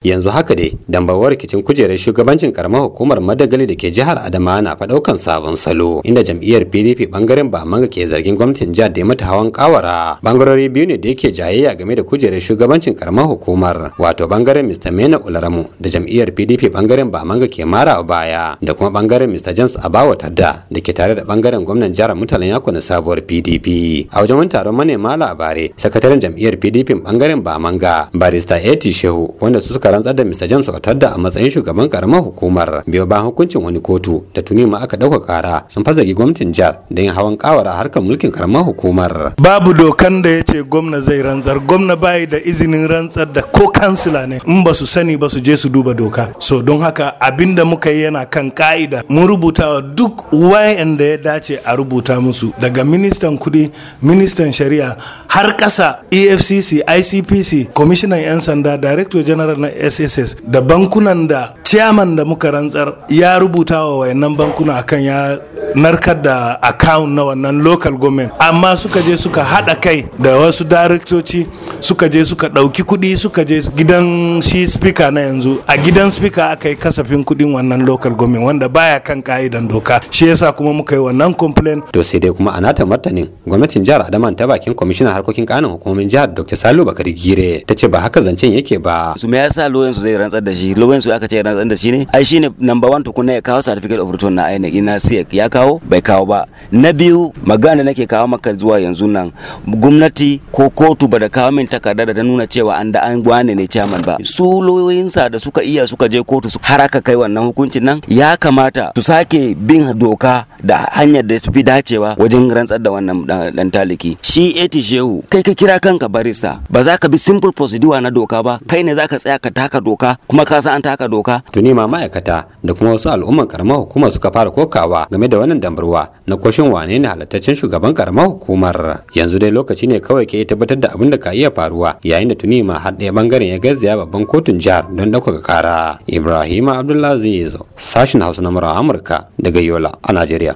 yanzu haka dai dambawar rikicin kujerar shugabancin karamar hukumar madagali da ke jihar Adama na faɗaukan sabon salo inda jam'iyyar pdp bangaren bamanga ke zargin gwamnatin jihar da mata hawan kawara bangarori biyu ne da yake jayayya game da kujerar shugabancin karamar hukumar wato bangaren mr mena ularamu da jam'iyyar pdp bangaren bamanga ke mara baya da kuma bangaren mr james abawa tadda da ke tare da bangaren gwamnan jihar mutalan yako na sabuwar pdp a wajen wani taron manema labarai sakataren jam'iyyar pdp bangaren bamanga barista eti shehu wanda su suka aka rantsar da Mr. James tadda a matsayin shugaban karamar hukumar biyo bayan hukuncin wani kotu da tuni ma aka dauka kara sun fazagi gwamnatin jihar da yin hawan kawar a harkar mulkin karamar hukumar. Babu dokan da ya ce gwamna zai rantsar gwamna bayi da izinin rantsar da ko kansila ne in ba su sani ba su je su duba doka. So don haka abin da muka yi yana kan ka'ida mun rubuta wa duk wayanda ya dace a rubuta musu daga ministan kudi ministan shari'a har kasa efcc icpc kwamishinan 'yan sanda director general na sss da bankunan da ciyaman da muka rantsar ya rubuta wa wayannan bankuna akan ya narkar da account na wannan local government amma suka je suka haɗa kai da wasu daraktoci suka je suka ɗauki kuɗi suka je gidan shi speaker na yanzu a gidan speaker aka yi kasafin kudin wannan local government wanda baya kan ka'idan doka shi yasa kuma muka yi wannan complaint to sai dai kuma anata martanin gwamnatin jihar adaman ta bakin commissioner harkokin kanun hukumomin jihar dr salo bakari gire ta ce ba haka zancen yake ba su me yasa su zai rantsar da shi su aka ce rantsar rantsar da shi ne ai shine number one tukuna ya kawo certificate of return na INEC ina sai ya kawo bai kawo ba na biyu magana nake kawo maka zuwa yanzu nan gwamnati ko kotu ba da kawo min takarda da nuna cewa an da an gwane ne chairman ba su sa da suka iya suka je kotu har aka kai wannan hukuncin nan ya kamata su sake bin doka da hanyar da su fi dacewa wajen rantsar da wannan dan taliki shi eti shehu kai ka kira kanka barista ba za ka bi simple procedure na doka ba kai ne za ka tsaya ka taka doka kuma ka san an taka doka tuni ma ma'aikata da kuma wasu al'umman karamar hukumar suka fara kokawa game da wannan dambarwa na koshin wane ne halattaccen shugaban karamar hukumar yanzu dai lokaci ne kawai ke tabbatar da abin da ka iya faruwa yayin da tuni ma har ɗaya bangaren ya garzaya babban kotun jihar don ɗaukaka kara Ibrahim abdullahi zai sashin hausa na amurka daga yola a najeriya